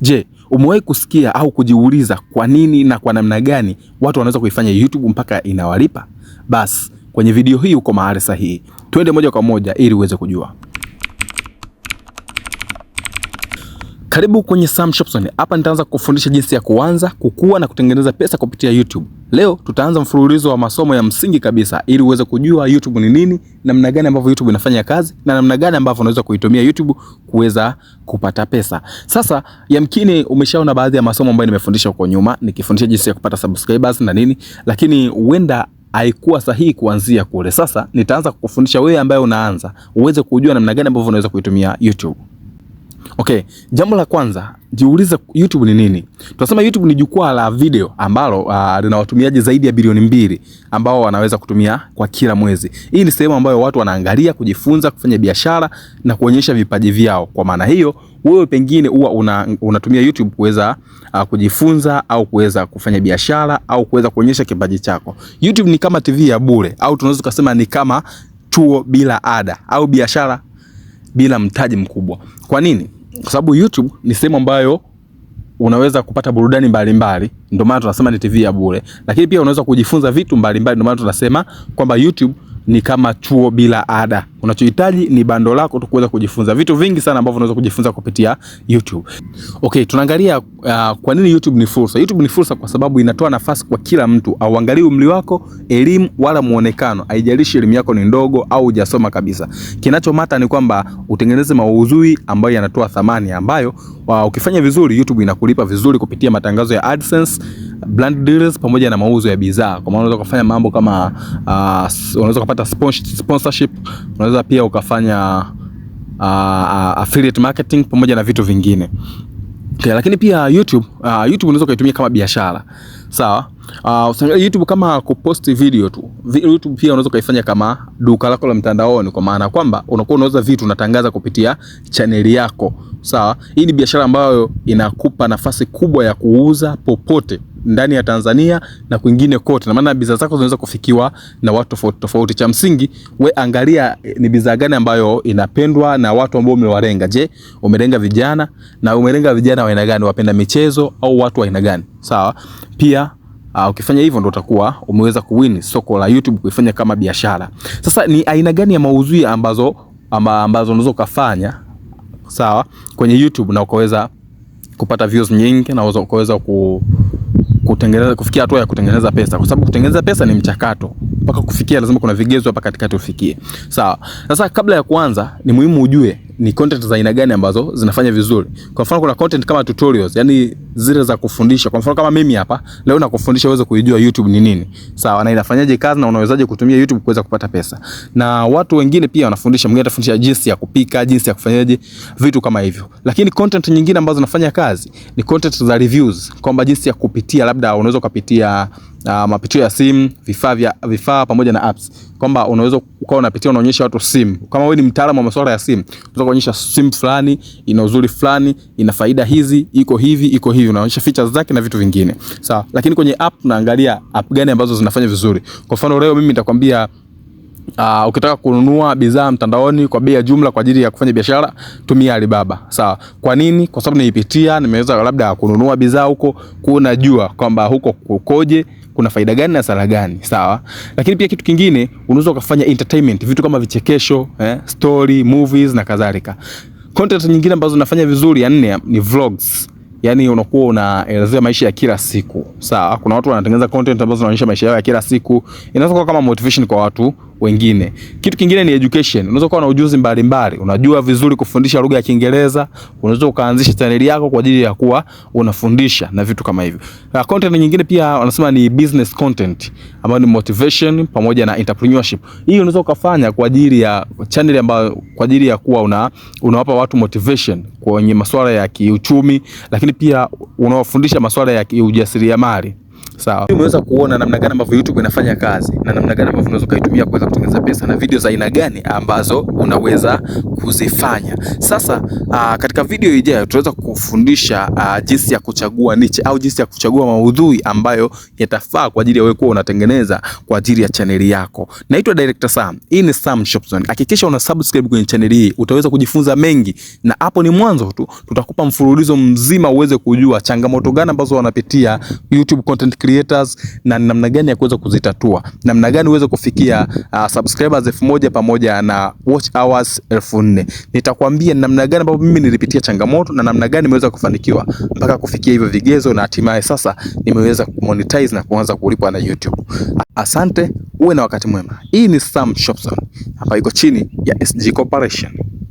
Je, umewahi kusikia au kujiuliza kwa nini na kwa namna gani watu wanaweza kuifanya YouTube mpaka inawalipa? Bas, kwenye video hii uko mahali sahihi. Twende moja kwa moja ili uweze kujua. Karibu kwenye Sam Shopson. Hapa nitaanza kufundisha jinsi ya kuanza, kukua na kutengeneza pesa kupitia YouTube. Leo tutaanza mfululizo wa masomo ya msingi kabisa ili uweze kujua YouTube ni nini, namna gani ambavyo YouTube inafanya kazi na namna gani ambavyo unaweza kuitumia YouTube kuweza kupata pesa. Sasa yamkini umeshaona baadhi ya masomo ambayo nimefundisha huko nyuma, nikifundisha jinsi ya kupata subscribers na nini, lakini huenda haikuwa sahihi kuanzia kule. Sasa nitaanza kukufundisha wewe ambaye unaanza uweze kujua namna gani ambavyo unaweza kuitumia YouTube. Okay, jambo la kwanza jiulize, YouTube ni nini? Tunasema YouTube ni jukwaa la video ambalo uh, lina watumiaji zaidi ya bilioni mbili ambao wanaweza kutumia kwa kila mwezi. Hii ni sehemu ambayo watu wanaangalia, kujifunza, kufanya biashara na kuonyesha vipaji vyao. Kwa maana hiyo, wewe pengine huwa una, unatumia YouTube kuweza uh, kujifunza au kuweza kufanya biashara au kuweza kuonyesha kipaji chako. YouTube ni kama TV ya bure au tunaweza kusema ni kama chuo bila ada au biashara bila mtaji mkubwa. Kwa nini? Kwa sababu YouTube ni sehemu ambayo unaweza kupata burudani mbalimbali, ndio maana tunasema ni TV ya bure, lakini pia unaweza kujifunza vitu mbalimbali, ndio maana tunasema kwamba YouTube ni kama chuo bila ada. Unachohitaji ni bando lako tu kuweza kujifunza vitu vingi sana ambavyo unaweza kujifunza kupitia YouTube. Okay, tunaangalia uh, kwa nini YouTube ni fursa. YouTube ni fursa kwa sababu inatoa nafasi kwa kila mtu, auangalii umri wako, elimu wala muonekano. Haijalishi elimu yako ni ndogo au hujasoma kabisa. Kinachomata ni kwamba utengeneze maudhui ambayo yanatoa thamani ambayo wa, uh, ukifanya vizuri YouTube inakulipa vizuri kupitia matangazo ya AdSense brand deals pamoja na mauzo ya bidhaa. Kwa maana unaweza kufanya mambo kama uh, unaweza kupata sponsorship, unaweza pia ukafanya uh, affiliate marketing pamoja na vitu vingine. Okay, lakini pia YouTube, uh, YouTube unaweza kuitumia kama biashara. Sawa? Uh, YouTube kama kupost video tu. YouTube pia unaweza ukaifanya kama duka lako la mtandaoni kwa maana kwamba unakuwa unauza vitu unatangaza kupitia chaneli yako. Sawa? Hii ni biashara ambayo inakupa nafasi kubwa ya kuuza popote ndani ya Tanzania na kwingine kote, na maana bidhaa zako zinaweza kufikiwa na watu tofauti tofauti. Cha msingi we angalia eh, ni bidhaa gani ambayo inapendwa na watu ambao umewalenga. Je, umelenga vijana? Na umelenga vijana wa aina gani? Wapenda michezo au watu wa aina gani? Sawa. Pia Uh, ukifanya hivyo ndio utakuwa umeweza kuwini soko la YouTube kuifanya kama biashara. Sasa ni aina gani ya maudhui ambazo ama ambazo unaweza kufanya sawa kwenye YouTube na ukaweza kupata views nyingi na ukaweza ku kutengeneza kufikia hatua ya kutengeneza pesa, kwa sababu kutengeneza pesa ni mchakato. Mpaka kufikia lazima kuna vigezo hapa katikati ufikie. Sawa. Sasa kabla ya kuanza, ni muhimu ujue ni content za aina gani ambazo zinafanya vizuri. Kwa mfano kuna content kama tutorials, yani zile za kufundisha. Kwa mfano kama mimi hapa leo nakufundisha uweze kujua YouTube ni nini, sawa, na inafanyaje kazi na unawezaje kutumia YouTube kuweza kupata pesa. Na watu wengine pia wanafundisha, mwingine atafundisha jinsi ya kupika, jinsi ya kufanyaje vitu kama hivyo. Lakini content nyingine ambazo zinafanya kazi ni content za reviews, kwamba jinsi ya kupitia, labda unaweza kupitia uh, mapitio ya simu, vifaa vya vifaa pamoja na apps, kwamba unaweza ukawa unapitia unaonyesha watu simu. Kama wewe ni mtaalamu wa masuala ya simu, unaweza kuonyesha simu fulani ina uzuri fulani, ina faida hizi, iko hivi, iko hivi, unaonyesha features zake na vitu vingine, sawa. Lakini kwenye app naangalia app gani ambazo zinafanya vizuri. Kwa mfano leo mimi nitakwambia Uh, ukitaka kununua bidhaa mtandaoni kwa bei ya jumla kwa ajili ya kufanya biashara tumia Alibaba, sawa. Kwa nini? Kwa sababu nimeipitia, nimeweza labda kununua bidhaa huko, kunajua kwamba huko kukoje kuna faida gani na hasara gani, sawa. Lakini pia kitu kingine unaweza ukafanya entertainment, vitu kama vichekesho eh, story, movies na kadhalika. Content nyingine ambazo unafanya vizuri, ya nne ni vlogs Yaani unakuwa unaelezea maisha ya kila siku sawa. Kuna watu wanatengeneza content ambazo zinaonyesha maisha yao ya kila siku, inaweza kuwa kama motivation kwa watu wengine. Kitu kingine ni education. Unaweza kuwa na ujuzi mbalimbali, unajua vizuri kufundisha lugha ya Kiingereza, unaweza ukaanzisha chaneli yako kwa ajili ya kuwa unafundisha na vitu kama hivyo. Na ah, content nyingine pia wanasema ni business content ambayo ni motivation pamoja na entrepreneurship. Hii unaweza ukafanya kwa ajili ya channel ambayo kwa ajili ya kuwa una unawapa watu motivation kwenye masuala ya kiuchumi, lakini pia unawafundisha masuala ya ujasiriamali. Sawa. Umeweza kuona namna gani ambavyo YouTube inafanya kazi na namna gani ambavyo unaweza kuitumia kuweza kutengeneza pesa na video za aina gani ambazo unaweza kuzifanya. Sasa uh, katika video ijayo tutaweza kufundisha uh, jinsi ya kuchagua niche au jinsi ya kuchagua maudhui ambayo yatafaa kwa ajili ya wewe kuwa unatengeneza kwa ajili ya chaneli yako. Naitwa Director Sam. Hii ni Sam Shop Zone. Hakikisha una subscribe kwenye chaneli hii, utaweza kujifunza mengi na hapo ni mwanzo tu. Tutakupa mfululizo mzima uweze kujua changamoto gani ambazo wanapitia YouTube content creators na namna gani ya kuweza kuzitatua, namna gani uweze kufikia uh, subscribers elfu moja pamoja na watch hours elfu nne. Nitakwambia namna gani ambapo mimi nilipitia changamoto na namna gani nimeweza kufanikiwa mpaka kufikia hivyo vigezo na hatimaye sasa nimeweza kumonetize na kuanza kulipwa na YouTube. Asante, uwe na wakati mwema. Hii ni Sam Shopson hapa iko chini ya SG Corporation.